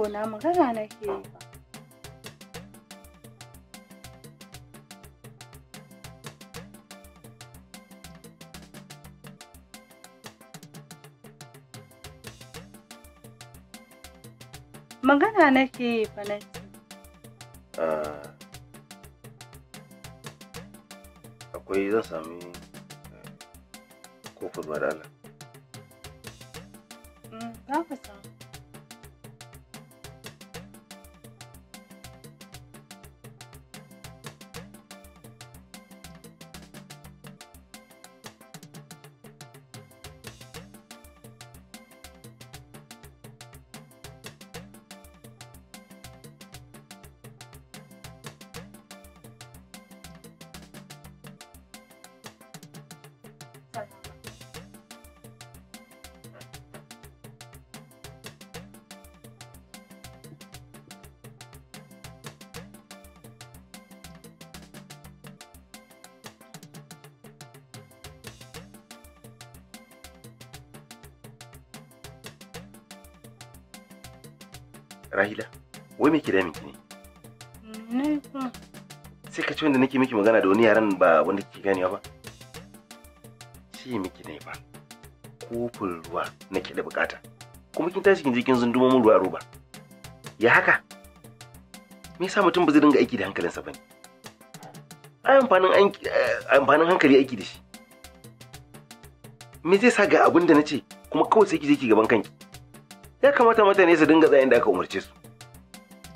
ango na magana nake yi magana nake yi fa nake ah, akwai zan sami eh, kofar barala mm, za ka samu Rahila, wai mai ke da miki ne? Sai ka ci wanda nake miki magana da wani yaran ba wanda ke ganewa ba. shi miki ne ba. Kofin ruwa nake da bukata. Kuma kin tashi kin je kin zundumo mun ruwa roba. Ya haka? Me yasa mutum ba zai dinga aiki da hankalinsa ba ne? Ai amfanin eh, amfanin hankali aiki da shi. Me zai sa ga abin da na ce kuma kawai sai ki je ki gaban kanki. ya kamata mutane su dinga tsayin inda aka umarce su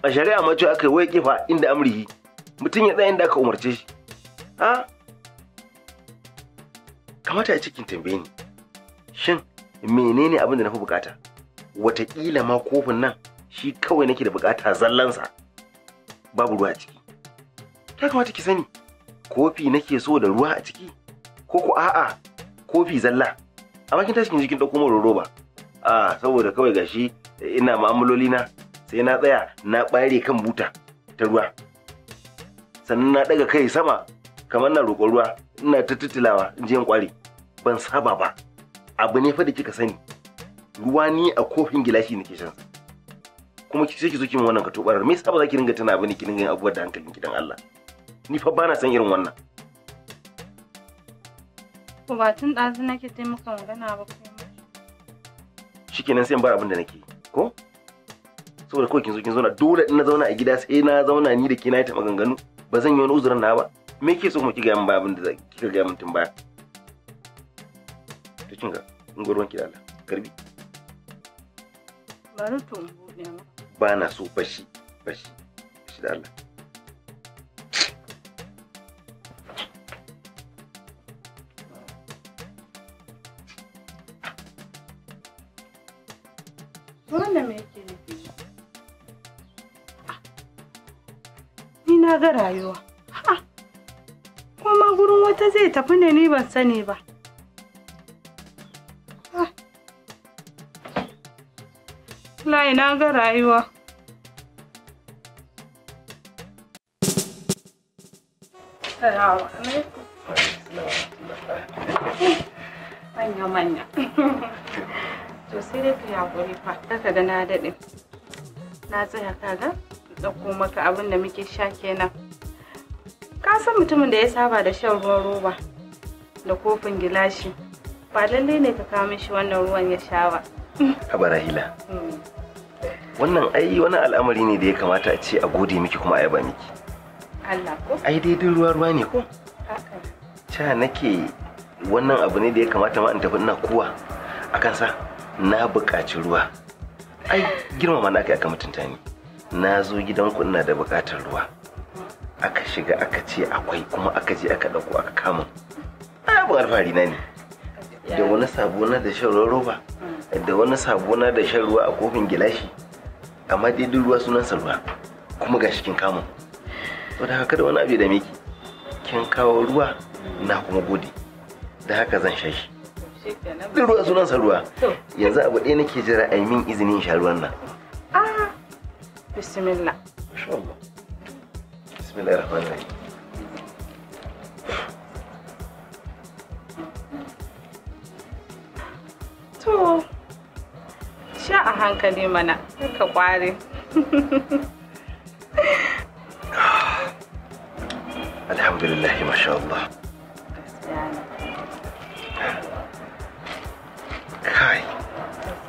a shari'a ma cewa aka wai kifa inda yi mutum ya tsayin inda aka umarce shi ha kamata ya cikin tambaye ni shin menene abin da na fi bukata wataƙila ma kofin nan shi kawai nake da bukata zallansa babu ruwa a ciki ya kamata ki sani kofi nake so da ruwa a ciki ko ko a'a kofi zalla amma kin tashi kin jikin dauko roba a saboda kawai gashi ina ma'amaloli na sai na tsaya na ɓare kan buta ta ruwa sannan na ɗaga kai sama kamar na roƙon ruwa ina ta titilawa in je ban saba ba abu ne fa da kika sani ruwa ni a kofin gilashi ke shan kuma ki sai ki zo ki ka wannan katobarar me yasa ba za ki ringa tana abu ne ki ringa yin abubuwa da hankalin ki dan Allah ni fa bana san irin wannan ko ba tun ɗazu nake taimaka magana ba shikenan sai in bar abin da nake ko saboda kawai kin zo kin zauna dole in na zauna a gida sai na zauna ni da ke na yi ta maganganu ba zan yi wani uzurin na ba me ke so kuma ki ga min ba abin da kika ga min tun baya to kin ga in gurbin ki da Allah garbi ba na so bashi bashi bashi da Allah ga rayuwa. Kuma gurin wata zai tafi ne ni ban sani ba. Lai na ga rayuwa. Manya manya. To sai dai ka fa, ka ga na daɗe. Na tsaya ɗauko maka abin da muke sha kenan ka san mutumin da ya saba da shan ruwan roba da kofin gilashi ba lallai ne ka kawo mishi wannan ruwan ya sha ba haba hmm. wannan ai wani al'amari ne da ya kamata a ce a gode miki kuma a yaba miki Allah ko ai daidai ruwa ruwa ne ko haka cha nake wannan abu ne da ya kamata ma in tafi ina kuwa akan sa na buƙaci ruwa ai girmama na kai aka mutunta ni na zo gidanku ina da buƙatar ruwa aka shiga aka ce akwai kuma aka je aka ɗauko aka kama abu alfahari na ne da wani na da shan ruwan roba da wani na da shan ruwa a kofin gilashi amma dai duk ruwa sunan sa ruwa kuma ga kin kama. to da haka da wani abu da miki kin kawo ruwa na kuma gode da haka zan sha shi duk ruwa sunan sa ruwa yanzu abu ɗaya nake jira a yi min izinin sha ruwan nan بسم الله ما شاء الله بسم الله الرحمن الرحيم تو شاء هانك لي منا هانك قواري الحمد لله ما شاء الله يعني. كاي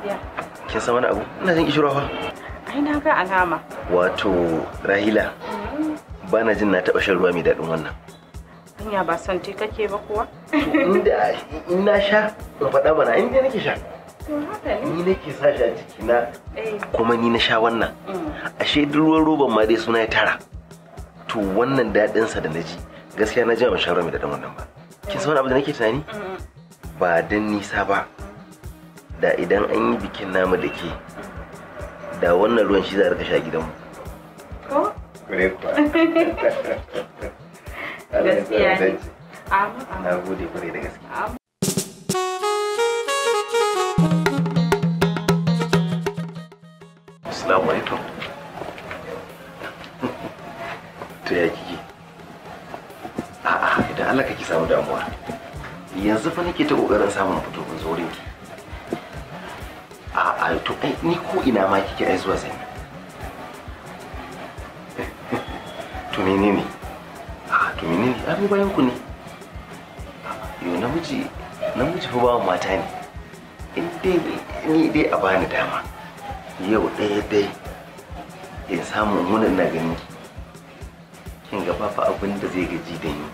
يعني. كيف سوينا ابو؟ لازم يجروها kai na ga alama wato rahila bana jin na taɓa shan ruwa mai daɗin wannan hanya ba son te kake ba kuwa inda in na sha in faɗa bana in dai nake sha ni nake sa shi a jikina eh. kuma ni na sha wannan mm. ashe duk ruwan roban ma dai suna ya tara to wannan daɗinsa da na ji gaskiya na ji ba shan ruwa mai daɗin wannan ba kin san wani abu da nake tunani mm. ba dan nisa ba da idan an yi bikin namu da ke da wannan ruwan shi za a rika sha gidanmu ko kure gaskiya ne na gode kure da gaskiya Assalamu alaikum. To ya kike? A'a, idan Allah kake samu damuwa. Yanzu fa nake ta kokarin samun fito kun zo wurinki. ai to ai ni ko ina ma kike ai zuwa zanyi to menene a ah, to menene ai bayan ku ne yo namiji namiji fa bawan mata ne in dai ni dai a bani dama yau ɗaya dai in samu munin na gani kin ga fa abin da zai gaji da ni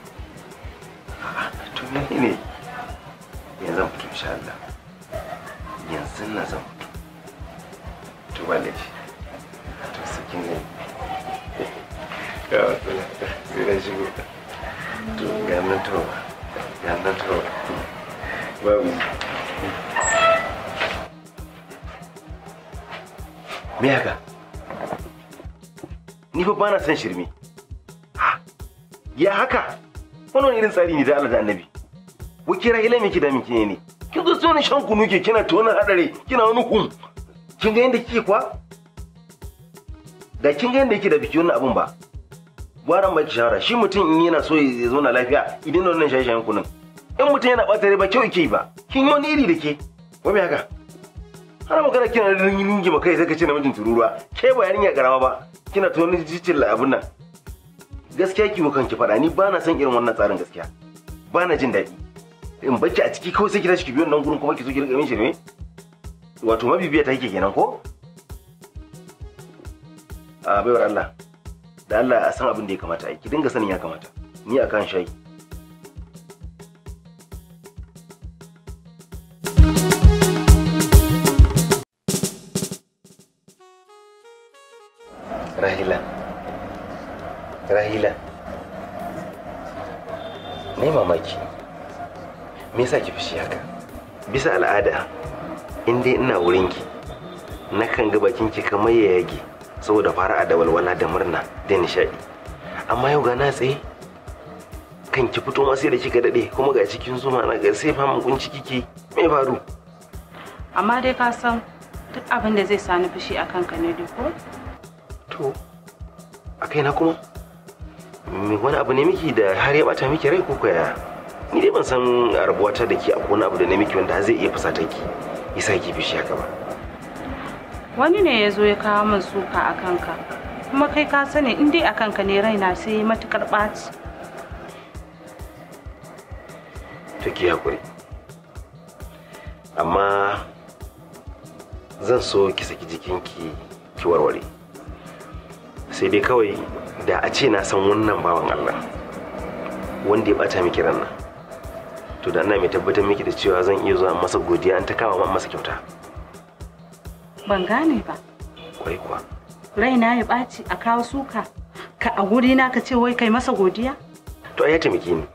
to menene yanzu fito insha Allah yanzu na zan son shirme ya haka wannan irin tsari ne da Allah da annabi wa kira ila miki da miki ne kin zo wani shan kunu ke kina ta wannan hadare kina wani kun. kin ga yanda kike kwa da kin ga yanda kike da biki wannan abun ba gwaran bai shawara shi mutum in yana so ya zauna lafiya idan wannan shaye-shayen kunun in mutum yana bata rai ba kyau kike ba kin yi wani iri da ke me haka ana magana kina da ringi ma kai sai ka ce namijin tururuwa ke ba yarinya garawa ba kina tunanin jicin abin nan gaskiya ki kan ki faɗa ni ba na son irin wannan tsarin gaskiya ba na jin daɗi in baki a ciki kawai sai ki tashi ki biyo nan gurin kuma ki so ki rika yin shirme wato mabibiya ta yake kenan ko a baiwar Allah da Allah a san abin da ya kamata a ki dinga sanin ya kamata ni akan shayi me yasa ki fushi haka bisa al'ada in dai ina wurin ki na kan ga bakin ki kamar ya yage saboda fara da walwala da murna da nishadi amma yau ga na tsaye kan ki fito ma sai da kika dade kuma ga cikin zuma na ga sai famin ciki ki me faru amma dai ka san duk abin da zai sani fushi a kanka ne dai ko to a kaina kuma wani abu ne miki da har ya bata miki rai ko koya ni dai ban san rabuwata da ke a wani abu da na miki wanda zai iya fusatan ki yasa ki bishi haka ba wani ne ya zo ya kawo min suka a kanka kuma kai ka sani in dai a kanka ne raina sai matukar ɓaci to ki hakuri amma zan so ki saki jikinki ki warware sai dai kawai da a ce na san wannan bawan Allah wanda ya bata miki rana. to da ana mai tabbatar miki da cewa zan iya zuwa masa godiya an ta kawo ma masa kyauta ban gane ba kwai kuwa raina ya ɓaci a kawo suka ka a guri na ka ce wai kai masa godiya to ai ya taimaki ni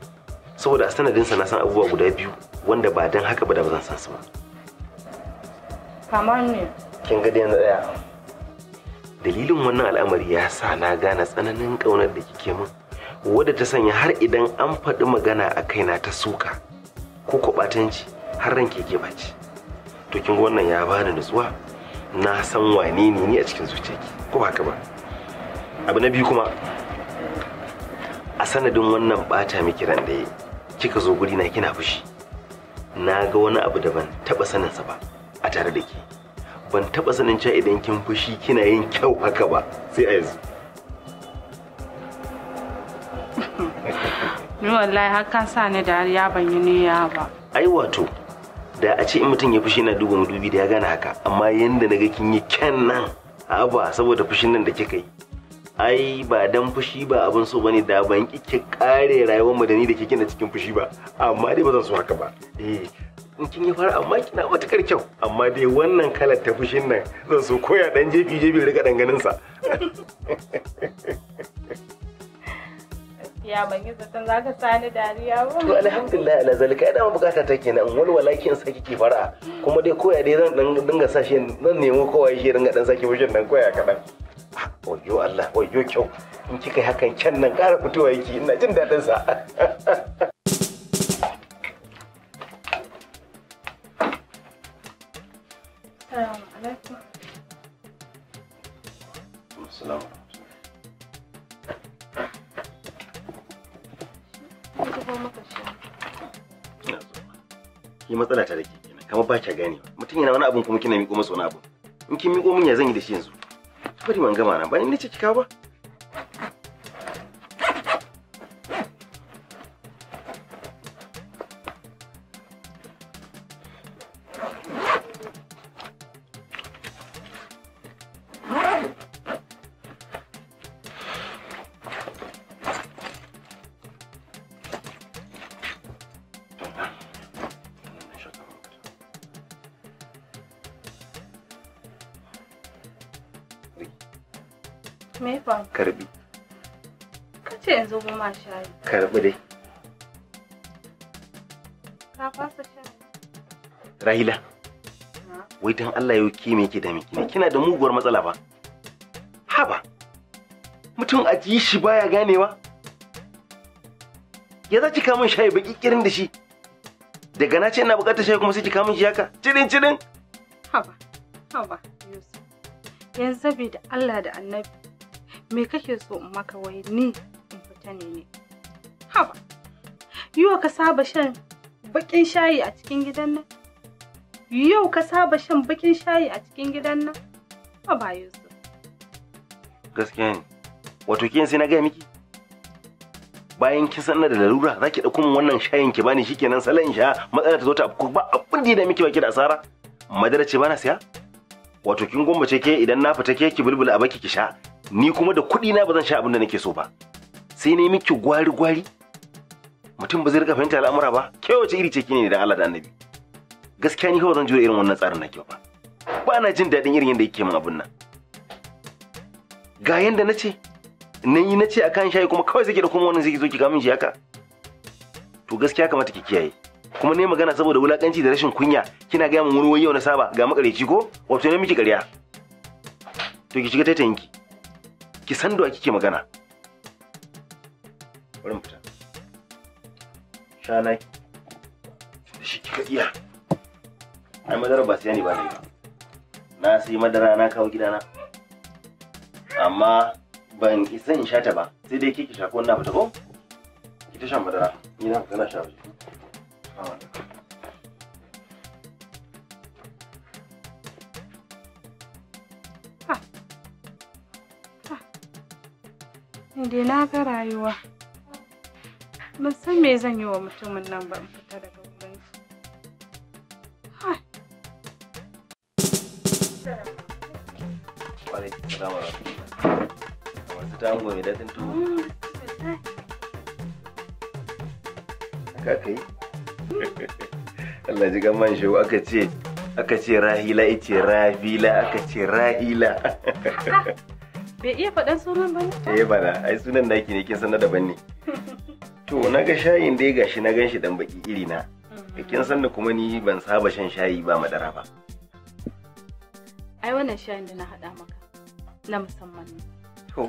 saboda a sanadinsa na san abubuwa guda biyu wanda ba don haka ba da ba zan san su ba kamar ne kin ga yanzu daya dalilin wannan al'amari ya sa na gane tsananin ƙaunar da kike min wadda ta sanya har idan an faɗi magana a kaina ta suka ko kubatanci har ran keke baci to kin wannan ya bani nutsuwa na san wane ne ni a cikin zuciyarki ko haka ba abu na biyu kuma a sanadin wannan bata miki ran da kika zo guri na kina fushi na ga wani abu da ban taba saninsa ba a tare da ke ban taba sanin cewa idan kin fushi kina yin kyau haka ba sai a yanzu ni wallahi har ka sa ni da ya ban yi niyya ba ai wato da a ce in mutum ya fushi na duba dubi da ya gana haka amma yanda naga kin yi kyan nan haba saboda fushin nan da kika yi ai ba dan fushi ba abin so bane da ban kike kare rayuwar mu da ni da kike na cikin fushi ba amma dai ba zan so haka ba eh in kin yi fara amma kina matukar kyau amma dai wannan kalar ta fushin nan zan so koya dan jefi jefi rika dan ganin sa gaskiya yi zaton za ka sani dariya ba. To alhamdulillah ala zalika ai dama bukata ta kenan walwala kin sa kike fara kuma dai koya dai zan dinga sa shi zan nemo kowa shi dinga dan saki nan koya kadan. Oyo ah, Allah kyau in kika yi hakan kyan nan kara fitowa yake ina jin daɗin sa. Assalamu alaikum. Assalamu alaikum. ina ki matsala ta dake kenan kamar ba ki gane mutum yana wani abun kuma kina miko masa wani abu in kin miko min ya zan yi da shi yanzu bari man gama na ba ni ne ce ki ba ma shayi. Karɓi dai. Ka fasa shan. Rahila. Wai dan Allah ya ki me yake da miki ne? Kina da muguwar matsala ba? Haba. Mutum a ji shi baya ganewa. Ya za ki min shayi baki ƙirin da shi. Daga na ce ina bukatar shayi kuma sai ki kamun shi haka. Cirin cirin. Haba. Haba. Yusuf. Yanzu Allah da Annabi. Me kake so in maka wai ni ta neme. Haba, yau ka saba shan bakin shayi a cikin gidan nan? Yau ka saba shan bakin shayi a cikin gidan nan? Haba Yusuf. Gaskiya ne, wato kiyan sai na gaya miki? Bayan kin san da lalura za ki ɗauko min wannan shayin ki bani shikenan salon sha matsala ta zo ta afku ba abin da miki baki da asara. Madara ce bana siya? Wato kin gwammace ke idan na fita ke ki bulbula a baki ki sha ni kuma da kuɗi na ba zan sha abin da nake so ba sai ne miki gwari gwari mutum ba zai rika fahimta al'amura ba kyau wace iri ce kine da Allah da Annabi gaskiya ni kawai zan jure irin wannan tsarin nake ba ba na jin daɗin irin yadda yake min abun nan ga yanda nace na yi a kan shayi kuma kawai zai da kuma wannan zai zo ki ga shi haka to gaskiya kamata ki kiyaye kuma ne magana saboda wulakanci da rashin kunya kina ga mun wani yau na saba ga makareci ko wato ne miki ƙarya to ki shiga taitayinki ki san da kike magana bari mu fita shanai da shi kika iya ai madara ba sai ba na sai madara na kawo gidana amma ban isa in sha ta ba sai dai kike na ko ki shan madara ni na kana sha ba na ga rayuwa Ban san me zan yi wa mutumin nan ban fita daga wurin shi. Wale, salama ra. Masu ta hango mai tuwo. Mm, yi? Allah ji shi aka ce aka ce rahila ice rabila aka ce rahila. Ah, bai iya faɗan sunan ba ne? Eh bana, ai sunan naki ne ke sanar daban ne. to na ga shayin dai gashi na ganshi dan baki iri na mhm. kin san da kuma ni ban saba shan shayi ba madara ba ai wannan shayin da na hada maka na musamman ne to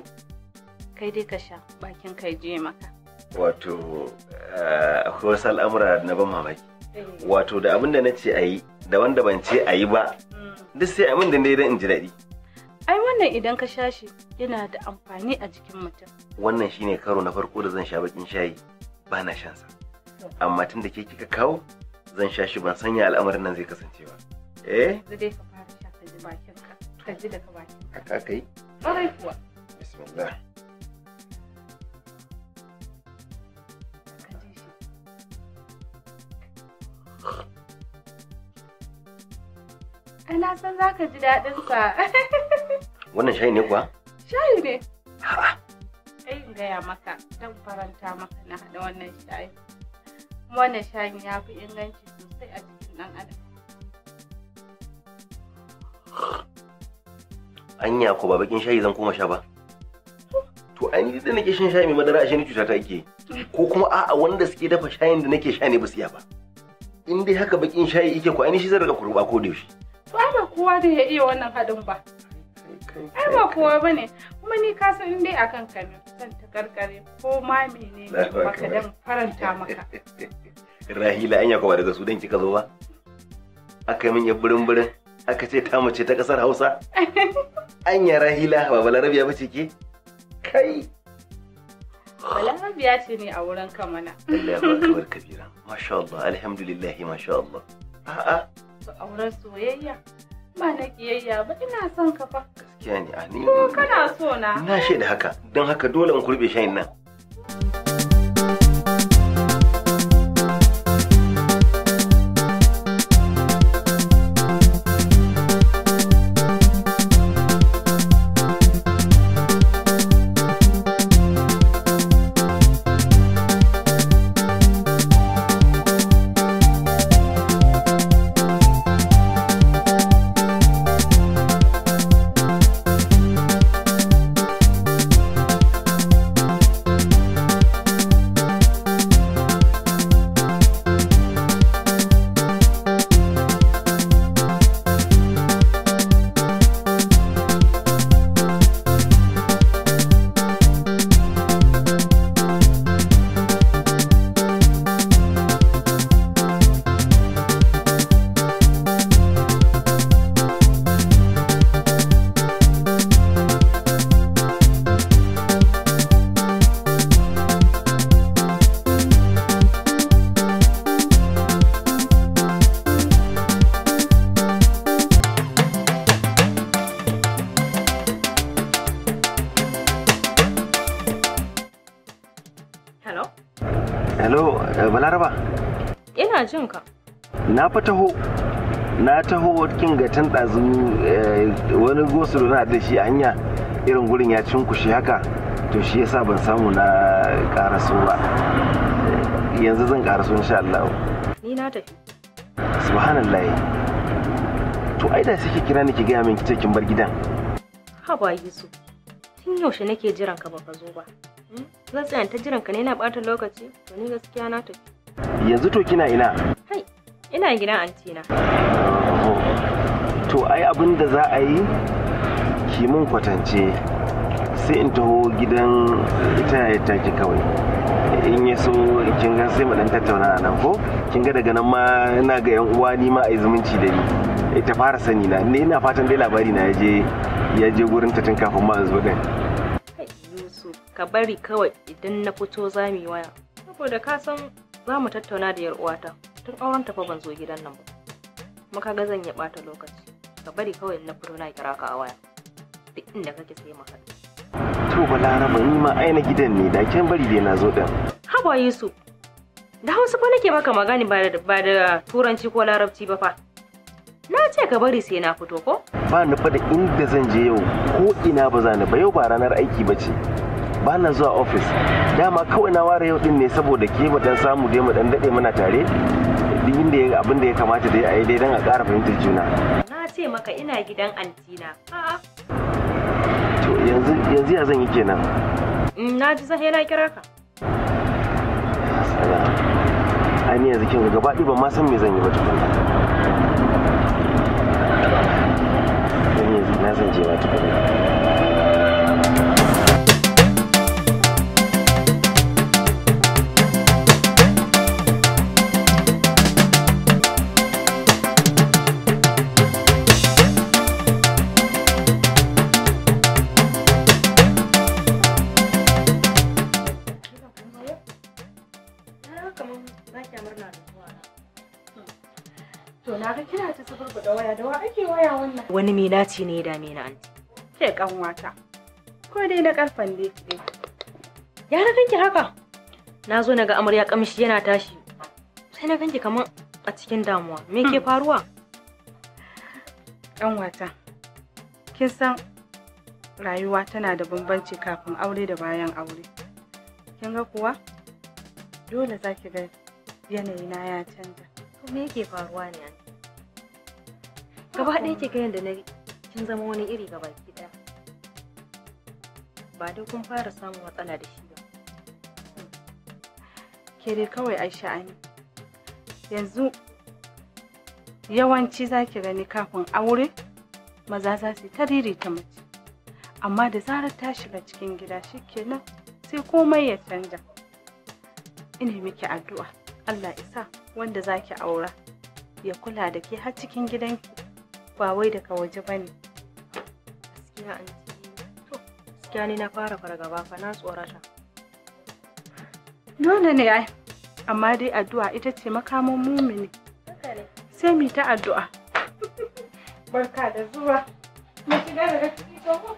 kai dai ka sha bakin kai je maka wato eh, akwai wasu al'amura na ban mamaki wato da abin da na ce a yi da wanda ban ce a yi ba mm. duk sai abin da ne dan in ji daɗi wannan idan ka sha shi yana da amfani a jikin mutum wannan shine karo na farko da zan sha bakin shayi ba na shansa amma tun da ke kika kawo zan sha shi ban sanya al'amarin nan zai kasance ba eh Zai dai ka fara sha ka ji bakin ka ka ji ka bakin ka haka kai ƙwarai kuwa bismillah Ana na san za ka ji daɗinsa. Wannan shayi ne kuwa? Shayi ne. Ha'a. Ai in gaya maka zan faranta maka na haɗa wannan shayi. Wannan shayin ya fi inganci sosai a cikin ɗan adam. Anya ko ba bakin shayi zan koma sha ba. To ai ni da nake shan shayi mai madara ashe ni cuta ta yake. Ko kuma a'a wanda suke dafa shayin da nake sha ne ba su iya ba. In dai haka bakin shayi yake ko ai ni shi zan riga kurba ko da yaushe. To ai ba kowa da ya iya wannan haɗin ba. Ai ba kowa ba kuma ni ka san dai a kan ka san ta karkare ko ma mene ne maka dan faranta maka. Rahila anya kuma daga Sudan kika zo ba? Aka yi min ya burin burin, aka ce ta mace ta kasar Hausa. Anya Rahila ba Balarabiya ba ce ke? Kai! Balarabiya ce ne a wurin kamana. Allah ya kamar kabira. Masha Allah, alhamdulillah, masha Allah. A'a. Auren soyayya. ba na kiyayya ba ina son ka fa gaskiya ne a ni ko kana so na na shaida haka don haka dole in kurbe shayin nan ga can ɗazu eh, wani gosu da na da shi hanya irin gurin ya cinkushe haka to shi yasa ban samu na karaso ba eh, yanzu zan karaso insha Allah ni na tafi subhanallah to ai da suke kira ni ki gaya min kice kin bar gidan ha ba yiso tun yaushe nake jiran ka ba zo ba hmm? zan tsaya ta jiran ka ne na bata lokaci to ni gaskiya na tafi yanzu to kina ina hai ina gidan antina ah, to ai abin da za a yi kimin kwatance sai in taho gidan ita ya taki kawai in ya so kin ga sai mu dan tattauna nan ko kin ga daga nan ma ina ga yan uwa ni ma yi zumunci da ni ita eh, fara sani na ne ina fatan dai labari na yaje ya je gurin ta tun kafin ma zuwa din ka bari kawai idan na fito za mu yi waya saboda ka san za mu tattauna da yar uwata tun auren ta fa ban zo gidan nan ba muka ga zan ya bata lokaci ka bari kawai na fito na kira ka a waya duk inda kake sai maka to ba laraba ni ma aina gidan ne da kin bari dai na zo din haba yusuf da hausa fa nake maka magani ba da turanci ko larabci ba fa na ce ka bari sai na fito ko ba ni fa da inda zan je yau ko ina ba za ba yau ba ranar aiki ba ce ba na zuwa ofis dama kawai na ware yau din ne saboda ke ba dan samu dai mu dan dade muna tare duk inda abin da ya kamata da a yi dai don a ƙara fahimtar juna. Na ce maka ina gidan antina. To yanzu yanzu ya zan yi kenan. Mm, na ji zahe na kira ka. Ai ni yanzu kin gaba ɗaya ban ma san me zan yi ba tukunna. Ni yanzu na zan je ba To na ga kina ta suburbu waya da wa ake waya wannan. Wani mai daci ne ya dame ni anti. Ke wata. Ko dai na karfan ne ki Ya na ganki haka. Na zo na ga amarya kamshi yana tashi. Sai na ganki kaman a cikin damuwa. Me ke hmm. faruwa? wata. Kin san rayuwa tana da bambanci kafin aure da bayan aure. Kin ga kuwa? Dole za ki ga yanayi na ya canja. To me yake faruwa ne gaba ɗaya ke ga yadda na kin zama wani iri ga baki ɗaya ba dai kun fara samun matsala da shi ba ke dai kawai ai sha'ani yanzu yawanci za ki gani kafin aure maza za su ta mace amma da zarar ta shiga cikin gida shikenan sai komai ya canja ina miki addu'a Allah isa wanda zaki aura ya kula da ke har cikin gidanki ba wai daga waje ba ne gaskiya an to gaskiya ni na fara fargaba fa na tsorata dole ne ai amma dai addu'a ita ce makamin mumini sai mu ta addu'a barka da zuwa mu shiga daga ko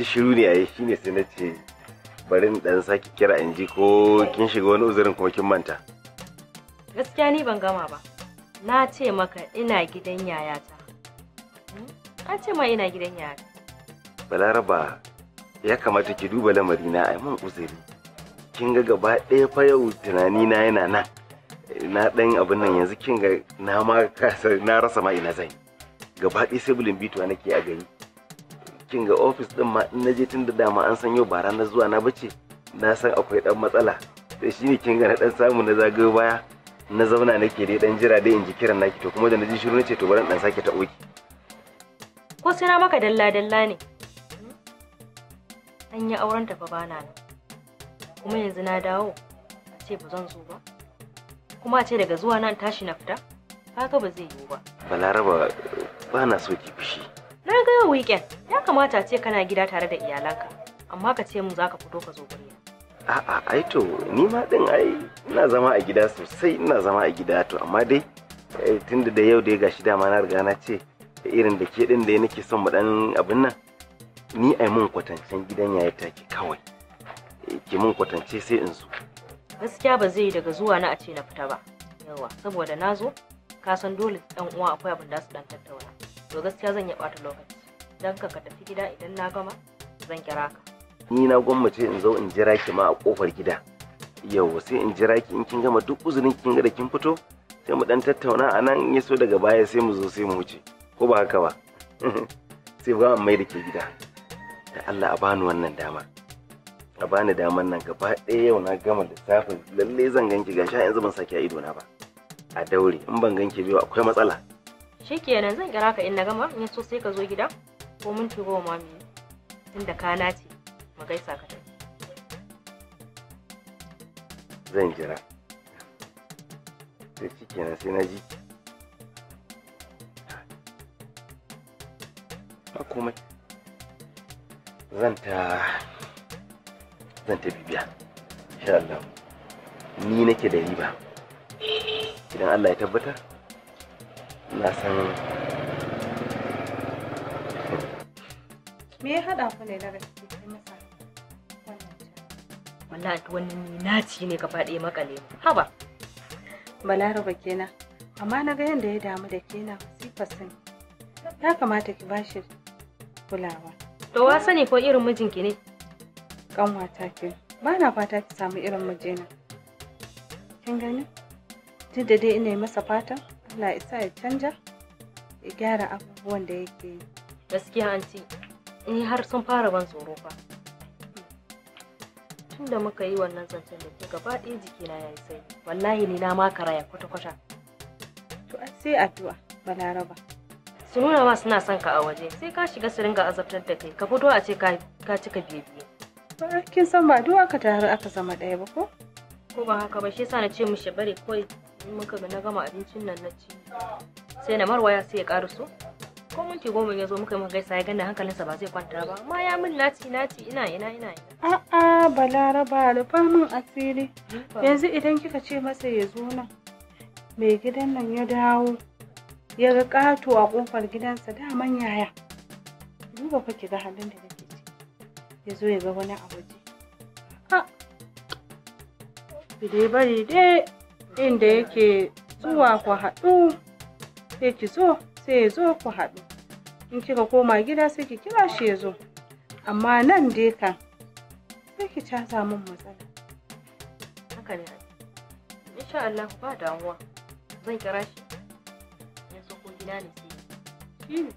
ji shiru ne a yi shine sai na ce bari in dan sake kira in ji ko kin shiga wani uzurin kuma kin manta. Gaskiya ni ban gama ba. Na ce maka ina gidan yayata. Hmm? An ce ma ina gidan yayata. Balaraba ya kamata ki duba lamari na yi mun uzuri. Kin ga gaba ɗaya fa yau tunani na yana nan. Na ɗan abin nan yanzu kin ga na ma na rasa ma ina zai. Gaba ɗaya sai bulin bituwa nake a gari. kin ga ofis din ma in naje tun da dama an san yau ba ranar zuwa na bace na san akwai dan matsala sai shine kin ga na dan samu na zagayo baya na zauna nake dai dan jira dai in ji kiran naki to kuma da naji shiru nace to bari dan sake ta oki ko sai na maka dalla dalla ne an yi auren ta fa bana nan kuma yanzu na dawo a ce ba zan zo ba kuma a ce daga zuwa nan tashi na fita ga ba zai yiwu ba balaraba ba na so ki fushi Na ga yau weekend, ya kamata ce kana gida tare da iyalanka, amma ka ce mu za ka fito ka zo A'a, ai to, ni ma din ai ina zama a gida sosai, ina zama a gida to, amma dai eh, tunda da yau da ga gashi dama na riga na ce irin da ke din da nake son mu dan abin nan. Ni ai mun kwatancen gidan yayi take kawai. Eh, ki mun kwatance sai in zo. Gaskiya ba zai yi daga zuwa na a ce na fita ba. Yawa, saboda na zo, ka san dole ɗan uwa akwai abin da su dan tattauna. to gaskiya zan iya ɓata lokaci Dan ka ka tafi gida idan na gama zan kira ka ni na gwammace in zo in jira ki ma a kofar gida yau sai in jira ki in kin gama duk uzurin kin ga da kin fito sai mu dan tattauna anan nan in so daga baya sai mu zo sai mu wuce ko ba haka ba sai ba mai da ke gida da Allah a bani wannan dama a bani daman nan gaba ɗaya yau na gama lissafin lalle zan ganki gashi yanzu ban saki a ido na ba a daure in ban ganki biyu akwai matsala shikenan zan kira ka in na gama in so sai ka zo gida ko mun turo wa mami inda kana ce mu gaisa ka tafi zan jira da shikenan sai na ji ba komai zan ta zan ta bibiya insha Allah ni nake da riba idan Allah ya tabbatar na san me ya haɗa ku ne na gaske kai masa wallahi wannan ni naci ne gaba ɗaya makale haba balaraba kenan amma na ga yadda ya damu da kenan sifar ya kamata ki bashi kulawa to wa sani ko irin mijinki ne kanwata ke ba na fata ki samu irin mijina kin gani duk da dai ina yi masa fata Allah isa ya canja ya gyara abubuwan da yake yi gaskiya anti ni har sun fara ban tsoro fa tun da muka yi wannan zancen da ke gaba ɗaya jikina ya yi sai wallahi ni na ma karaya kwata-kwata to sai addu'a balaraba su nuna ma suna son ka a waje sai ka shiga su ringa azabtar da kai ka fito a ce ka cika biye biye kin san ba duk aka taru aka zama ɗaya ba ko ko ba haka ba shi yasa na ce mu shi bari kawai in muka ga na gama abincin nan na ci sai na marwaya sai ya karaso ko minti goma ya zo muka yi gaisa ya ganda hankalinsa ba zai kwanta ba amma ya min naci naci ina ina ina a'a balaraba rufa min asiri yanzu idan kika ce masa ya zo nan mai gidan nan ya dawo ya ga ƙato a ƙofar gidansa daman yaya duba fa ki ga halin da nake ciki ya zo ya ga wani a waje a dai bari dai inda yake zuwa ku haɗu sai ki zo sai ya zo ku haɗu in kika koma gida sai ki kira shi ya zo amma nan dai kan sai ki ta min matsala haka ne insha Allah ku ba damuwa zan kira shi ya so ko gida ne sai shi ne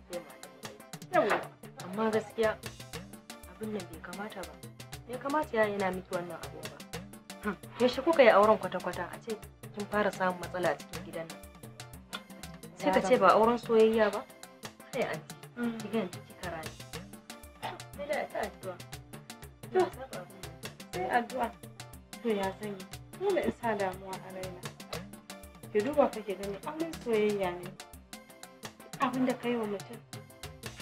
sai ma amma gaskiya abin nan bai kamata ba bai kamata ya yana miki wannan abu ba yaushe kuka yi auren kwata-kwata a ce kin fara samun matsala a cikin gidan nan sai ka ce ba auren soyayya ba kai an mm. ki ga ki kika rani sai da ta addu'a to sai addu'a to ya sani dole in sa damuwa a raina ki duba kake gani auren soyayya ne abin da kai wa mutum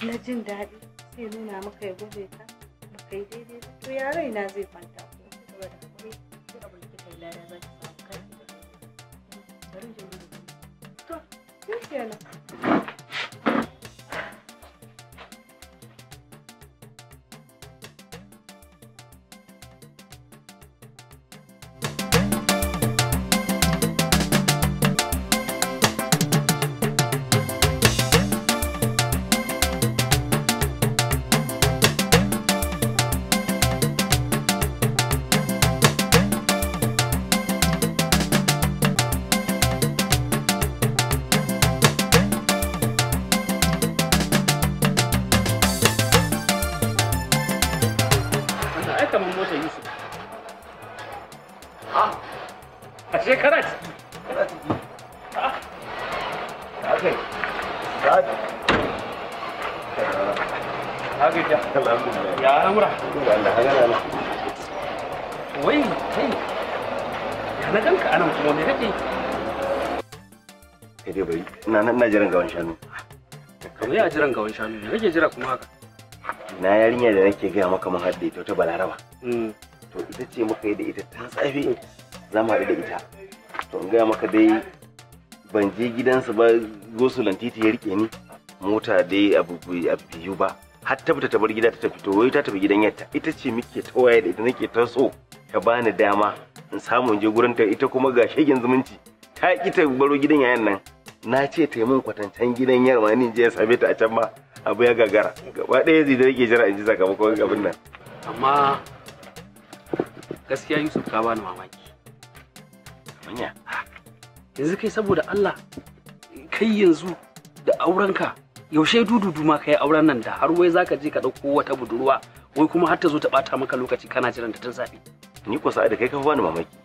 na jin daɗi sai nuna maka ya gode ka baka yi daidai to ya raina zai kwanta ko da kuma abin da kai lada zai To, shi kenan. ashe kana Ya Wai, kai. na ganka kake? Kai dai ina nan jiran gawan shanu. jiran gawan shanu, jira kuma haka? Na yarinya da nake gaya maka mun haɗe ta ta Balaraba. To ita ce muka yi da ita ta Za da ita. to an gaya maka dai ban je gidansa ba gosulan titi ya rike ni mota dai abu biyu ba har tabbata ta bar gida ta tafi to wai ta tafi gidan yatta ita ce muke ta waya da ita nake ta so ta bani dama in samu in je gurin ta ita kuma ga shegen zumunci ta ki ta baro gidan yayan nan na ce ta yi min kwatancan gidan yar ma ni je same ta a can ma abu ya gagara gaba ɗaya zai da rike jira in ji sakamakon abin nan amma gaskiya Yusuf ka bani mamaki anya yanzu kai saboda Allah kai yanzu da aurenka yaushe dududu ma kai auren nan da har wai zaka je ka dauko wata budurwa wai kuma har ta zo ta bata maka lokaci kana jiran ta tun safi ni ko sai da kai ka bani mamaki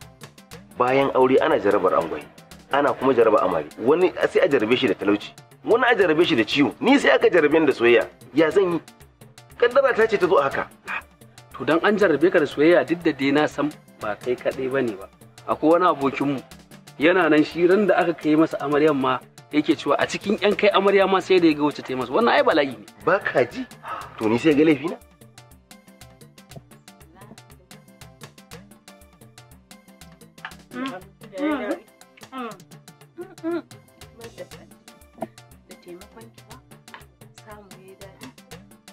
bayan aure ana jarabar angwai ana kuma jaraba amari. wani sai a jarabe shi da talauci wani a jarabe shi da ciwo ni sai aka jarabe da soyayya ya zan yi kaddara ta ce ta zo haka to dan an jarabe ka da soyayya duk da dai na san ba kai kadai bane ba akwai wani abokinmu yana nan shi ran da aka kai masa amaryan ma yake cewa a cikin yan kai amarya ma sai da ya ga wacce ta yi masa wannan ai bala'i ne ba ka ji to ni sai ga laifi na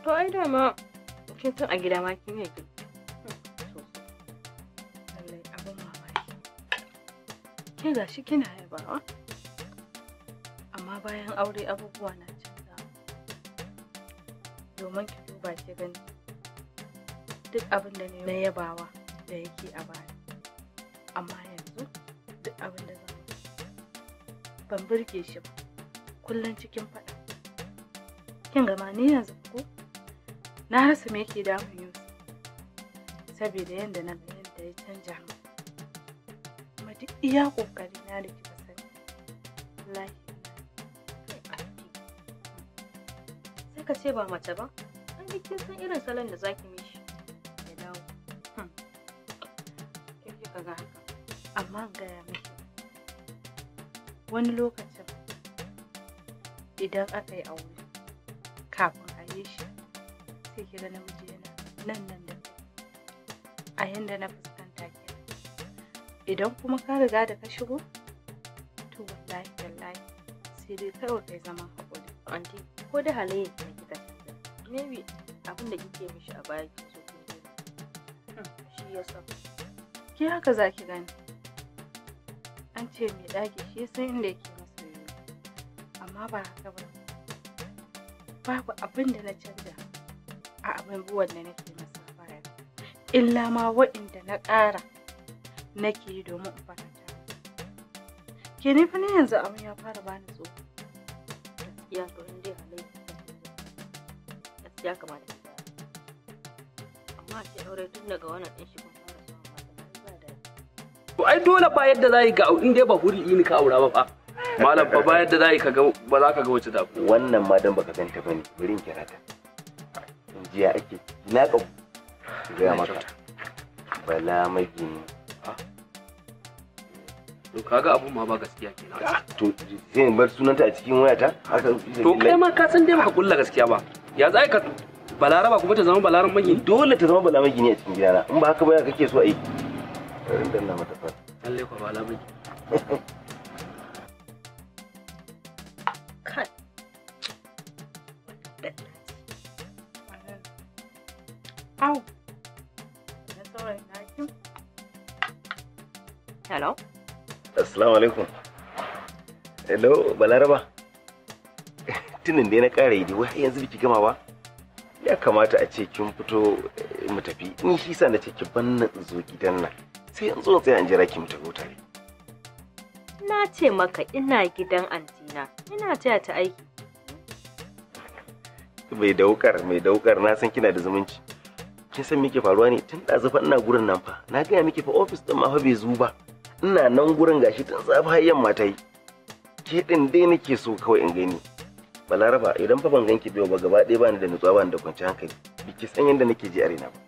To ai dama kin san a gida ma kin gashi kina yabawa amma bayan aure abubuwa na canza domin ki duba ki gani duk abin da na yabawa da yake a baya amma yanzu duk abin da zan ban burge shi ba kullum cikin faɗa kin gama ni yanzu ko na rasa me yake damun Yusuf saboda yadda na ga yadda ya canja mu iya kokari na da kika sani wallahi sai ka ce ba mace ba an yi kin san irin salon da zaki mishi ya dawo hmm. kin ji kaga haka amma gaya miki wani lokacin idan aka yi aure kafin a yi shi sai ki ga namiji yana nan nan da a yanda na fuskanta idan kuma ka riga da ka shigo to wallahi wallahi sai dai kawai kai zaman haƙuri anti ko da halayyar ka gida maybe abin da kike mishi a baya ki so ki hmm, shi yasa ki haka za ki gani an ce mai ɗaki shi san inda yake masa yi amma ba haka ba babu abin da na canja a abubuwan da nake masa baya illa ma wa'inda na ƙara nake yi domin in ta. ke ni fa ne yanzu abin ya fara bani tsoro gaskiya to in dai alai gaskiya kamar da amma ke aure tun daga wannan din shi to ai dole ba yadda za yi ga in dai ba huri ni ka aura ba fa malam fa ba yadda za yi ka ga ba za ka ga wacce ta wannan ma dan baka ganta bane ne, wurin kira ta jiya ake na ka ga maka bala magini to kaga abun ma ba gaskiya ah, to zai bar a ka san dai baka kulla gaskiya ba ya za ka balaraba kuma ta zama balaran magini dole ta zama balaran ne a cikin gidana in ba haka ba kake so a yi danna mata fa Hello? Assalamu alaikum. Hello, Balaraba. Tunin dai na ƙara yi wai yanzu biki gama ba? Ya kamata a ce kin fito eh, mu tafi. Ni shi sa na ce ki banna in zo gidan nan. Sai an zo sai an jira ki mu tafi tare. Na ce maka ina gidan antina. Ina taya ta aiki. Mai daukar, mai daukar na san kina da zumunci. Kin san me ke faruwa ne? Tun da zafan ina gurin nan fa. Na gaya miki fa ofis din ma fa bai zu ba. ina nan gurin gashi tun har yamma ta yi ke din dai nake so kawai in gani balaraba idan fa ban ganki biyo ba gaba ɗaya bani da nutsuwa bani da kwanci hankali biki san yadda nake ji a raina ba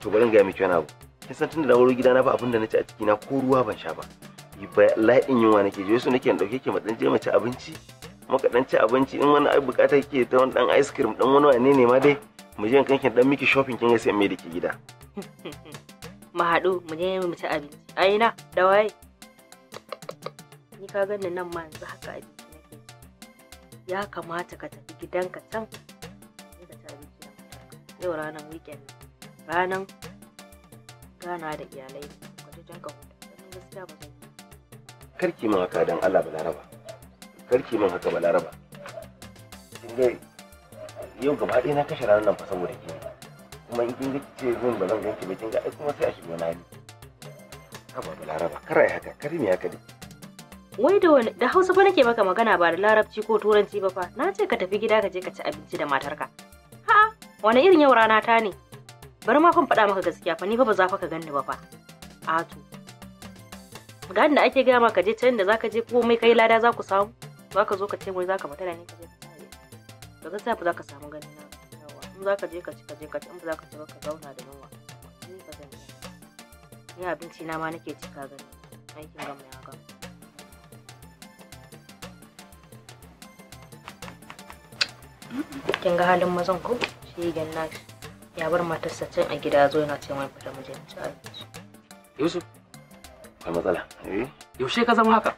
to bari in ga miki wani abu kin san tun da wuri gida na ba abin da nace a cikina na ko ruwa ban sha ba in yunwa nake je su nake dauke ki madan je mu ci abinci muka dan ci abinci in wani abu bukata kike ta wani dan ice cream dan wani wane ne ma dai mu je kankin dan miki shopping kin ga sai mai da ke gida mu haɗu mu je mu ci abinci a ina da waye ni ka gani nan ma yanzu haka abinci nake ya kamata ka tafi gidanka can ka ci abinci yau ranar weekend ranar gana da iyalai ka ta can ka huta don gaskiya ba zan karki min haka don Allah balaraba karki min haka balaraba yau gaba ɗaya na kashe ranar nan fa saboda ke kuma in kin ce zan ba zan ganki ba kin ga ai kuma sai a shigo wani hali haba ba laraba kar ai haka kar ne haka dai wai da wani da hausa fa nake maka magana ba da larabci ko turanci ba fa na ce ka tafi gida ka je ka ci abinci da matarka ha wani irin yau rana ta ne bari ma kun faɗa maka gaskiya fa ni fa ba za fa ka ganni ba fa ato gani da ake gaya maka je can da zaka je komai kai lada za ku samu za ka zo ka ce wai za ka fita ne ka je ka ba gaskiya ba za ka samu gani. in za ka je ka ci ka je ka ci in ba za ka ci ba ka zauna da yunwa ni ba zan ni abinci na ma nake ka gani aikin gama ya gama kin ga halin mazan ko shi gan na ya bar matarsa can a gida zo yana ce mai fara mu ci abinci Yusuf ba matsala eh? yaushe ka zama haka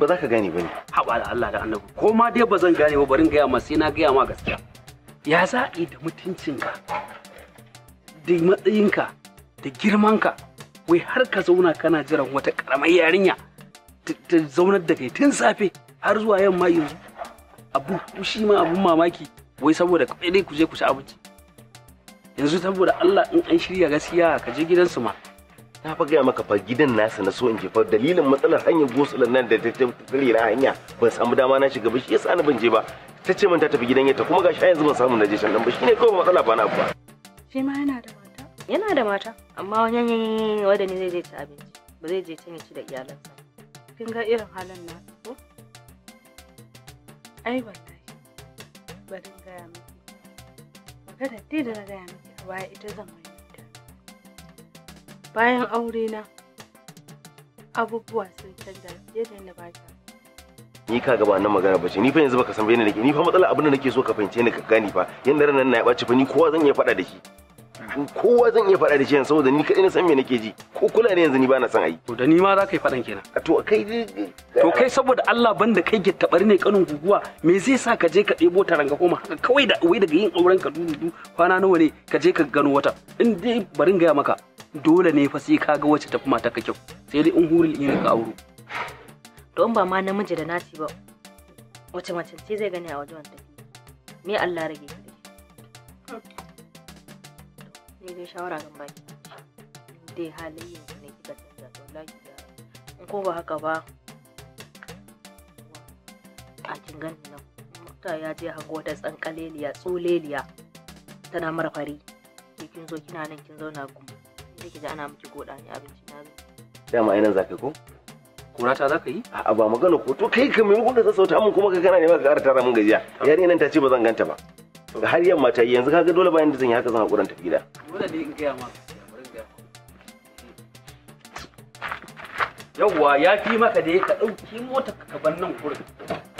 ba za ka gane ba ne haɓa da Allah da annabi ko ma dai ba zan gane ba bari in gaya ma sai na gaya ma gaskiya ya za a yi da mutuncinka da matsayinka da girmanka wai har ka zauna kana jiran wata karamar yarinya ta zaunar da kai tun safe har zuwa yamma yanzu abu shi ma abun mamaki wai saboda kai dai ku je ku ci abinci yanzu saboda Allah in an shirya gaskiya ka je gidansu ma na fa gaya maka fa gidan nasa na so in je fa dalilin matsalar hanyar gosulan nan da ta tafi na hanya ban samu dama na shiga ba shi yasa ni ban je ba ta ce manta ta tafi gidan yata kuma gashi a yanzu ban samu na je can dan ba shine kawai matsala ba na abu shi ma yana da mata yana da mata amma wani wanda ne zai je ta abinci ba zai je can ci da iyalansa kin ga irin halin na ko ai ba bari ga gaya miki magana dai da na gaya miki ba ita zan ta bayan aure na abubuwa sun canza yadda na ba ki ni ka gaba nan magana bace ni fa yanzu baka san da nake ni fa matsala abin da nake so ka fahimce ni ka gani fa yanda ranan na ya baci fa ni kowa zan iya faɗa da shi kowa zan iya faɗa da shi saboda ni kaɗai na san me nake ji ko kula ne yanzu ni ba na san ayi to da ni ma za ka yi faɗan kenan to kai to kai saboda Allah banda kai gittabari ne kanin guguwa me zai sa ka je ka ɗebo ranga koma haka kawai da wai daga yin auren ka dudu kwana nawa ne ka je ka gano wata in dai barin gaya maka dole ne fa sai ka ga wacce tafi mata ka kyau sai dai in hurul ina ka auro to in ba ma namiji da nati ba wace mace ce zai gani a wajen wanda me Allah rage ki hmm. ne dai shawara zan baki dai halayen ne kika canza to da in ko ba haka ba a kin gani nan mutum ya je hago wata tsankaleliya tsoleliya tana mara fari kin zo kina nan kin zauna kuma kike ji ana miki goda ne abinci na dama ainihin zafi ko kurata za ka yi? A'a ba magana ko to kai ka maimakon ka sassauta mun kuma ka kana ne ka ƙara tara mun gajiya. Yarinya nan ta ce ba zan ganta ba. Har yamma ta yi yanzu kaga dole bayan da zan yi haka zan hakuran tafi gida. Dole ne in gaya ma. Yawwa ya fi maka da ya ka ɗauki mota ka ban nan kurin.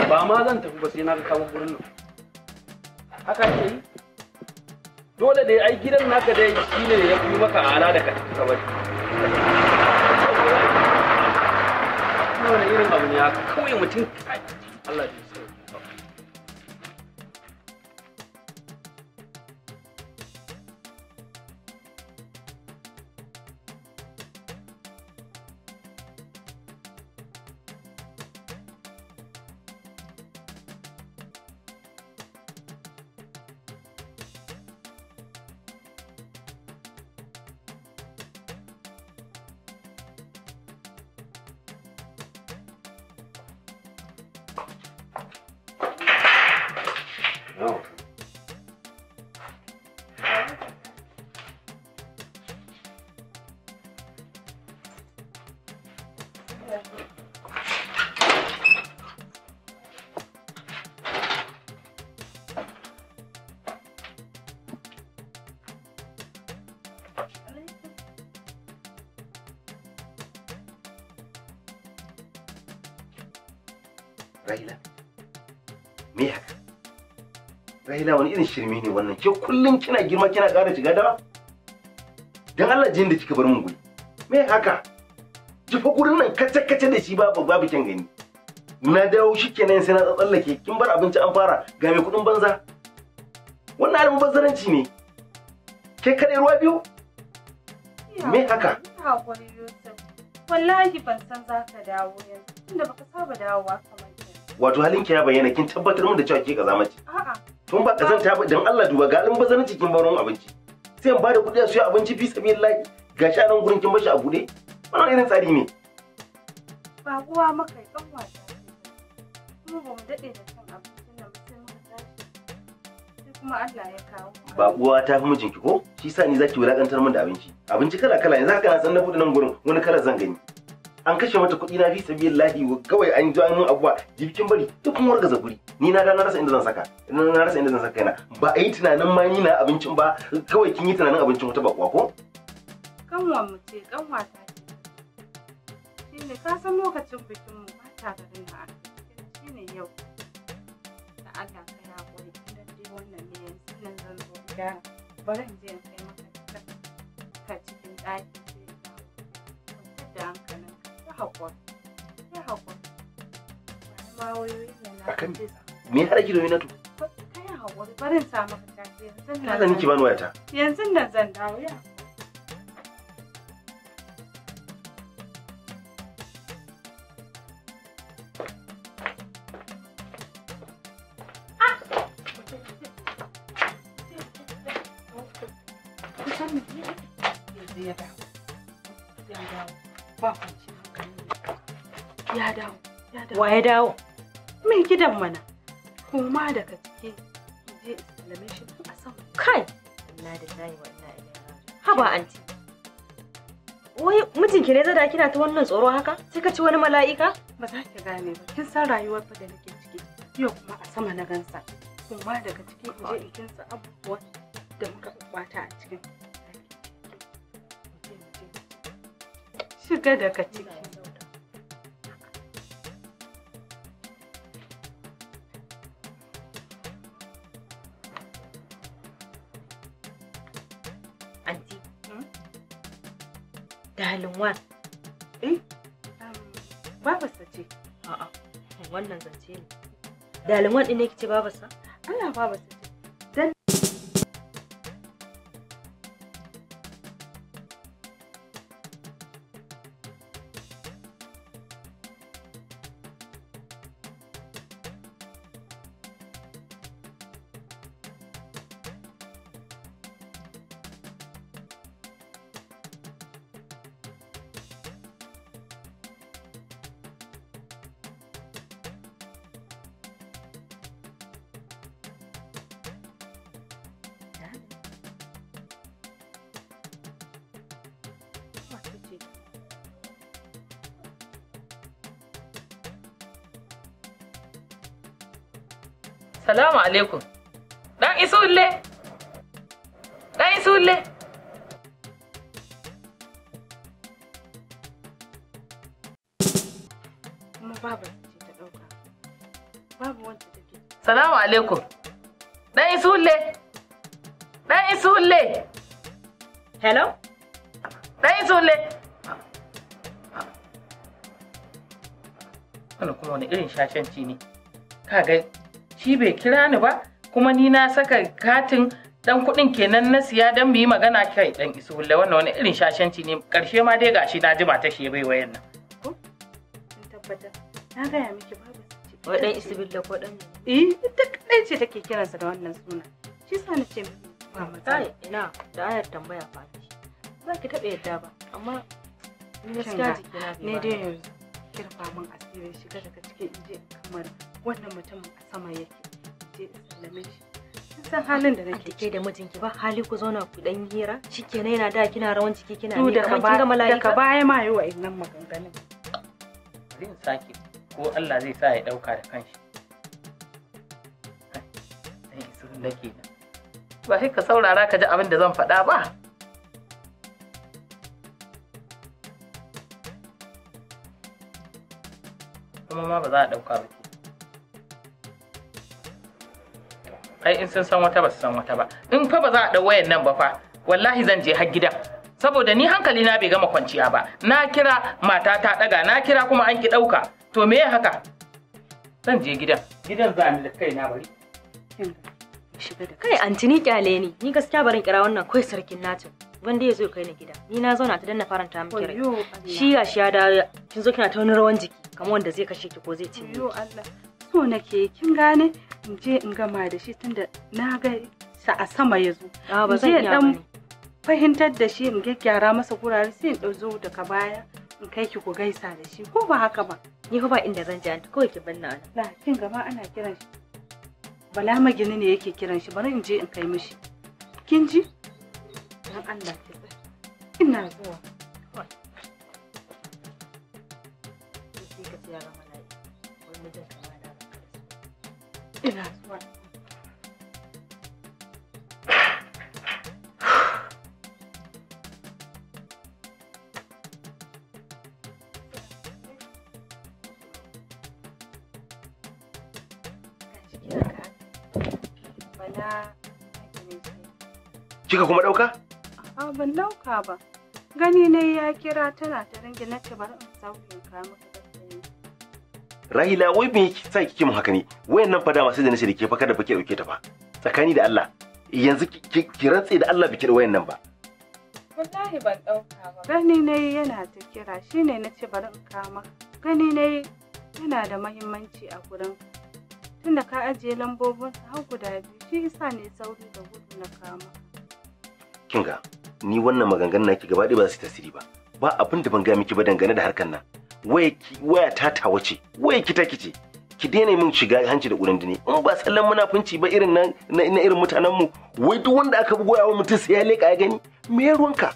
Ba ma zan tafi ba sai na ga kawo gurin nan. Haka ke yi? Dole da ai gidan naka dai shine ne ya fi maka ana da ka bari. 哎，你老人家口味我真太好了。ila wani irin shirme ne wannan ke kullum kina girma kina ƙara shiga dawa dan Allah jin da kika bar mun guri me haka ki fa gurin nan kace kace da shi babu babu kin gani na dawo shikenan sai na tsallake kin bar abinci an fara ga me kudin banza wannan alamun bazaranci ne ke kare ruwa biyu me haka Yusuf wallahi ban san za ka dawo yanzu tunda baka saba dawowa kamar wato halin ki ya bayyana kin tabbatar min da cewa ke kaza mace a'a in ba ka kazanta ba dan Allah duba ga galin bazan cikin baron abinci sai in bada kuɗi a siya abinci fi sabilillahi gashi a nan gurin kin bashi a buɗe wannan irin tsari ne ba uwa maka kan wasa kuma ba mu daɗe da san abincin nan sai muka tashi sai kuma Allah ya kawo ba uwa ta fi mijinki ko shi sa ni za ki wulaƙantar min da abinci abinci kala kala ne za ka na san na buɗe nan gurin wani kala zan gani an kashe mata kuɗi na fi wa kawai an ji an abuwa jikin bari duk mun wargaza guri ni na da rasa inda zan saka na rasa inda zan saka yana ba a yi tunanin ma ni na abincin ba kawai kin yi tunanin abincin wata bakuwa ko kanwa mu ce kanwa ta ce ne ka san lokacin bikin mu ba ta da garin na ne yau da Allah ka ya koyi dan dai wannan ne yanzu nan zan zo gida bari in je in kai maka ka cikin ɗaki da hankali haƙuri sai haƙuri ma wayoyi na akan me ya barin sa maka yanzu nan zan ki bani wayata yanzu nan zan dawo ya Ya dawo. Wa ya dawo? Mai gidan mana. Koma daga ciki je lame shi a sama. Kai! da tayi wa Haba anti. Wai mijinki ne zada kina ta wannan tsoro haka? Sai ka ci wani mala'ika? Ba za ki gane ba. Kin san rayuwar fa da nake ciki. Yau kuma a sama na gansa. Koma daga ciki in je in kinsa abubuwa da muka bata a cikin Shiga daga ciki. Anti, hmm? dalin wan. Eh, um, babarsa ce. A'a, wannan zance ne. Dalin wan ɗin ne kice babarsa? Allah babarsa alaikum. Dan isu ulle. Dan isu ulle. Kuma babu ce ta dauka Babu wanda take. Salamu alaikum. Dan isu ulle. Dan isu ulle. Hello? Dan isu ulle. Wannan kuma wani irin shashanci ne. Ka ga shi bai kira ni ba kuma ni na saka katin dan kudin kenan na siya dan mu yi magana kai dan isu wannan wani irin shashanci ne karshe ma dai gashi na jima ta shi bai wayan nan ko tabbata na gaya miki babu wai dan isu ko dan eh ita kadai ce take kiransa da wannan suna shi sa na ce ba matsala ina da ayar tambaya fa ba ki taɓa yadda ba amma gaskiya jikina ne dai yanzu kirfa min asiri shiga daga cikin inje kamar wannan mutumin sama yake sallame shi san halin da nake kai da mijinki ba hali ku zauna ku dan hira shikenan yana da kina rawan ciki kina ne kamar kin ga malaika daga baya ma yi maganganun ko Allah zai sa ya dauka da kanshi dan isu nake ba sai ka saurara ka ji abin da zan faɗa ba kuma ma ba za a ɗauka ba ai in sun san wata ba su san wata ba in fa ba za a ɗau wayan nan ba fa wallahi zan je har gidan saboda ni hankali na bai gama kwanciya ba na kira mata ta ɗaga na kira kuma an ki ɗauka to me haka zan je gidan gidan za ni kai na bari Kai, anti ni kyale ni ni gaskiya barin kira wannan kai sarkin natin wanda ya zo kai na gida ni na zauna ta danna faranta miki rai shi ya shi ya dawo kin zo kina ta wani rawan jiki kamar wanda zai kashe ki ko zai yo Allah so nake kin gane in je in gama da shi tunda na ga sa a sama ya zo ah, ba zan dan fahimtar da shi in gyaggyara masa gurare sai in dau daga baya in kai ki ku gaisa da shi ko ba haka ba ni ko ba inda zan ji kawai ki banna ana na kin gama ana kiran shi bala magini ne yake kiran shi bari in je in kai mishi kin ji dan Allah ki ina zuwa Kika kuma ɗauka? A ah, ban ɗauka ba. Gani ne ya kira tana ta ringi na ci bari in sauke ka maka. rahila wai me yake sa kike mun haka ne wayannan fa dama sai da nace da ke fa kada bake dauke ta fa tsakani da Allah yanzu ki rantse da Allah biki da wayannan ba wallahi ban dauka ba gani nayi yana ta kira shine nace bari in kama gani nayi yana da muhimmanci a gurin tunda ka ajiye lambobin har guda biyu shi isa ne sauri da gudu na kama kinga ni wannan maganganun naki gaba ɗaya ba su tasiri ba ba abin da ban ga miki ba dangane da harkan nan waya ta ta ce waya ki ki daina min shiga hanci da ƙurin dini in ba sallan munafunci ba irin na irin mutanen mu wai duk wanda aka bugo yawa mutum sai ya leka ya gani me ruwanka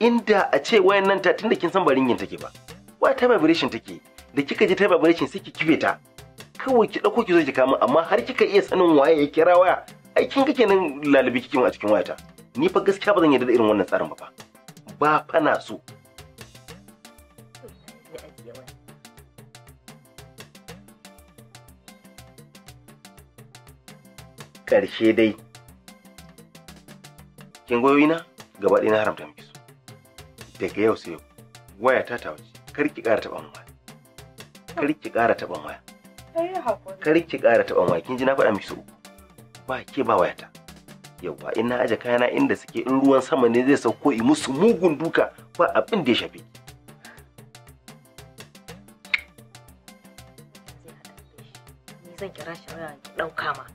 inda a ce wayan nan ta tunda kin san barin yin take ba waya ta vibration take da kika ji ta vibration sai ki kife ta kawai ki ɗauko ki zo ki kama amma har kika iya sanin waye ya kira waya ai kin kake nan lalabi kike a cikin wayata ni fa gaskiya ba zan yarda da irin wannan tsarin ba fa ba fa na so ƙarshe dai kin goyoyi na gaba ɗaya na haramta miki su daga yau sai waya ta tawo waje kar ki ƙara taɓa waya kar ki ƙara taɓa waya kar ki ƙara taɓa ma kin ji na faɗa miki so ba ke ba wayata yauwa in na aje kayana inda suke in ruwan sama ne zai sauko i musu mugun duka ba abin da ya shafe zan kira shi ɗauka ma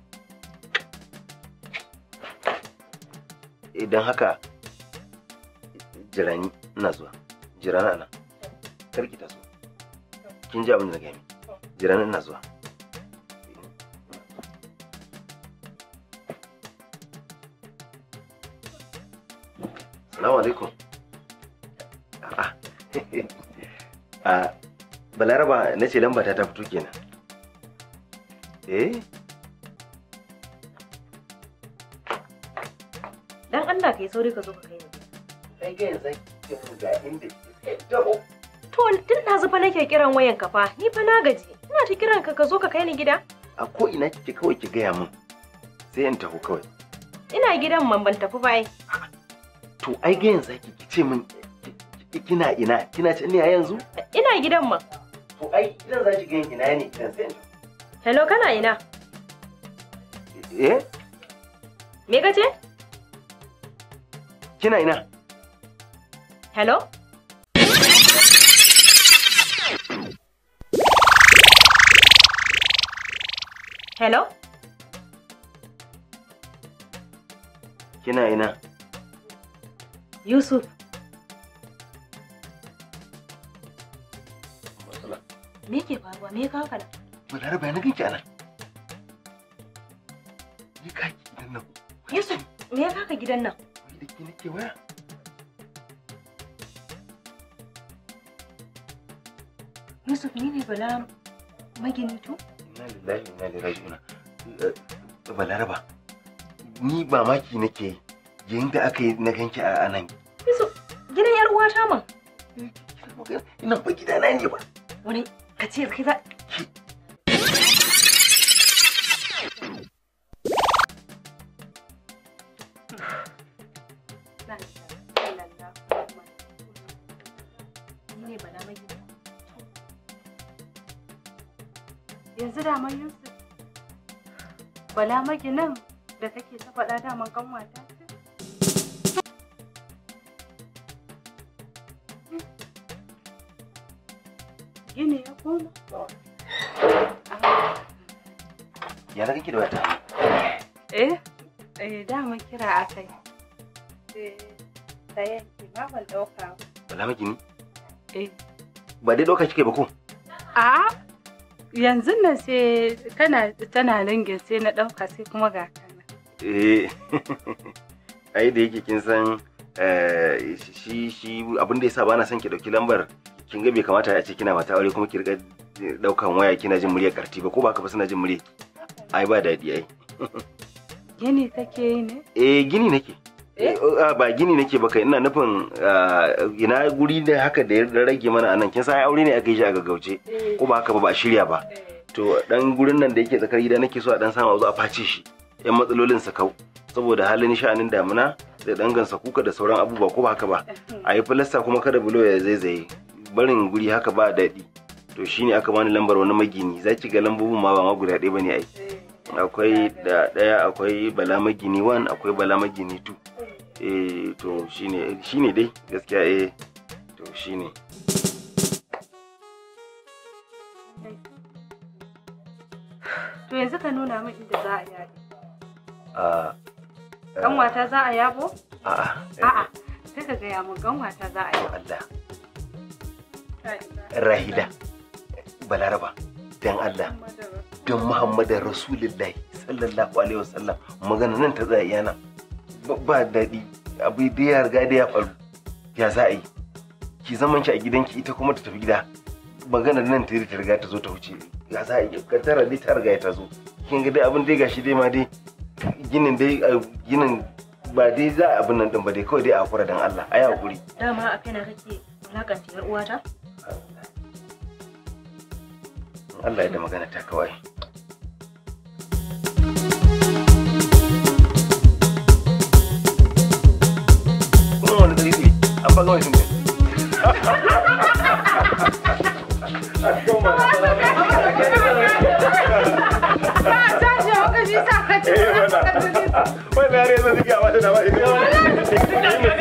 idan haka jirani ina zuwa jirani ana karki ta so kin ji abin da na gaya jirani ina zuwa Assalamu alaikum. A ah, ah, Balaraba na ce lamba ta fito kenan. Eh? Dan Allah ka yi sauri ka zo ka kai ni. Sai ga yanzu kin ga inda To tun ɗazu fa nake kiran wayan ka fa, ni fa na gaji. Ina ta kiran ka ka zo ka kai ni gida. A ko ina kike kawai ki gaya min. Sai in taho kawai. Ina gidan man ban tafi ba ai. Ah, To ai ga yanzu ki ce min kina ina kina can ne a yanzu? Ina gidan ma. To ai idan za ki ga ina ne gidan sai. Hello kana ina? Eh? Me ka ce? Kina ina? Hello? Hello? Kina ina? Yusuf. Me ke faruwa? Me ka kana? Balaraba ya nake anan. Me ka gidan nan. Yusuf, me ya k'a gidan nan? Wani da ke nake waya? Yusuf, ni ne Bala magini to? Inna lillahi inna ilaihi raji'un. Eh, Balaraba, ni mamaki nake yi. yayin da aka yi na ganki a nan. Yusuf, gidan yar uwa ta man. Ina ba gida na ne ba. Wani ka ce kai za. Yanzu da Yusuf, bala maginan da take ta faɗa daman kanwata. Ya da kake da wata? Eh, eh dama kira a kai. Eh, sai ba ban ba. Bala miki ni? Eh. Ba dai dauka kike ba ko? A yanzu nan sai kana tana ringin sai na dauka sai kuma ga kana. Eh. Ai da yake kin san eh, shi shi abin da yasa na son ki dauki lambar kin ga bai kamata a ce kina mata aure kuma ki riga daukan waya kina jin muryar karti ba ko ba ka ba suna jin murya ai ba daɗi ai gini take yi ne eh gini nake eh? Eh, ba gini nake ba kai ina nufin ina guri da haka da ya rage mana anan kin sa aure ne aka yi shi a gaggauce eh. ko ba haka ba ba shirya ba to dan gurin nan da yake tsakar gida nake so a dan samu a zo a face shi yan matsalolin sa kau saboda halin sha'anin damuna da dangansa kuka da sauran abubuwa ko ba haka ba a yi filasta kuma kada bulo ya zaizaye barin guri haka ba daɗi to shine aka bani lambar wani magini za ki ga lambobin ma ba ma guda ɗaya bane ai akwai da ɗaya akwai bala magini 1 akwai bala magini 2 eh to shine shine dai gaskiya eh to shine to yanzu ka nuna min inda za a yaɗe a ah, ganwata ah. za a yabo a a a a'a sai ka gaya min ganwata za a yabo Allah rahila balaraba don allah don Muhammadu, rasulullahi sallallahu alaihi wasallam magana nan ta zaa yana ba daɗi abu da ya riga da ya faru ya za a yi ki zaman ki a gidanki ita kuma ta tafi gida Magana nan ta ta riga ta zo ta wuce ya za a yi kaddara dai ta riga ta zo kin ga dai abin dai gashi dai ma dai ginin dai ginin ba dai za a abin nan din ba dai kawai dai a hakura dan Allah ai hakuri dama a kaina kake wulakanta yar uwata Allah ya da magana ta kawai kuma wani gari ne an ba gawai tunde eh, Wai na yare zan zigi a wata da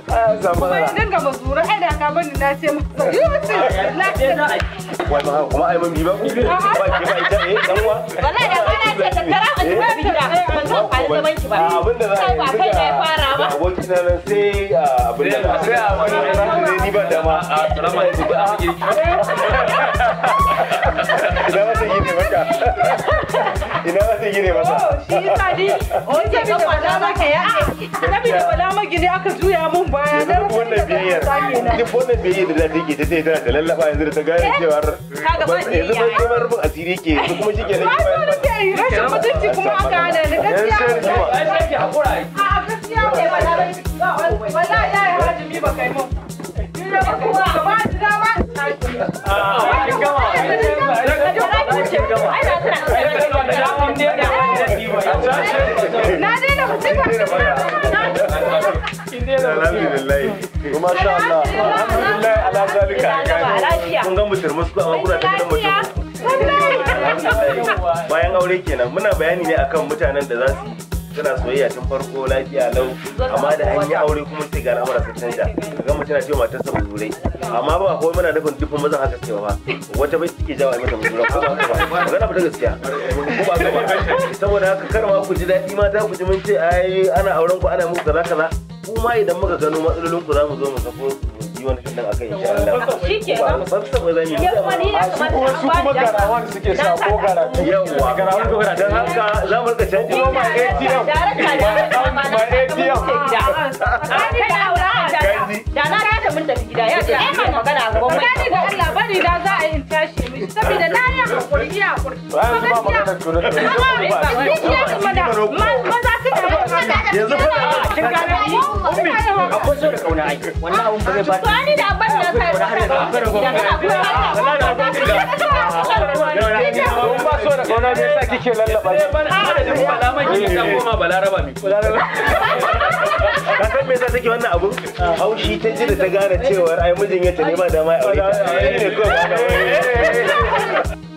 kuma ya dinga mazura ai da ka bani na ce masa yi mutu na ce wai ma kuma ai mun bi ba ku ba ki ba ita eh dan wa da tattara a zuwa fita ba zan fara zaman ki ba sai ba kai da fara ba abokin nan sai ah, abin da sai abin da ne ni ba a assalamu alaikum ba ake ina wata gine maka ina wata gine maka oh, shi yasa ni oke ga kwala maka ya saboda wala magini aka juya mun baya da wannan biyayyar duk wannan biyayyar da take ta tana da lallaba yanzu da ta gane eh, cewa kaga ba yanzu ban asiri ke kuma shi ke nan rashin mutunci kuma aka hana ni gaskiya a gaskiya ne ba na wallahi ya yi ba kai ba ba alhamdulillah kuma sha Allah alhamdulillah ala zalika kun ga mutum musu a da mutum bayan aure kenan muna bayani ne akan mutanen da za su suna soyayya tun farko lafiya lau amma da an yi aure kuma sai ga al'amura sun canja ga mace na matar sa muzurai amma ba ko muna nufin dukkan mazan haka cewa ba wata bai take jawa mata muzura ko ba ba magana ba ta gaskiya ko ba ba saboda haka kar ma ku ji daɗi mata ku ji mun ce ai ana auren ku ana muku kaza kaza kuma idan muka gano matsalolin ku za mu zo mu sako yi wani a akai insha Allah shi ke ba zan yi wasu kuma garawan suke sa ko garawan garawan ko garawan haka za mu rika canji ma ATM ma ATM da mun tafi gida ya ce ai magana da Allah bari da za a yi tashi miki saboda na yi hakuri hakuri gaskiya maza yi yanzu kin gane ummi akwai so da kauna ai wannan abun ba zai ba to da gane cewar ai mijin yace ne ba da mai aure ne ko ba da wani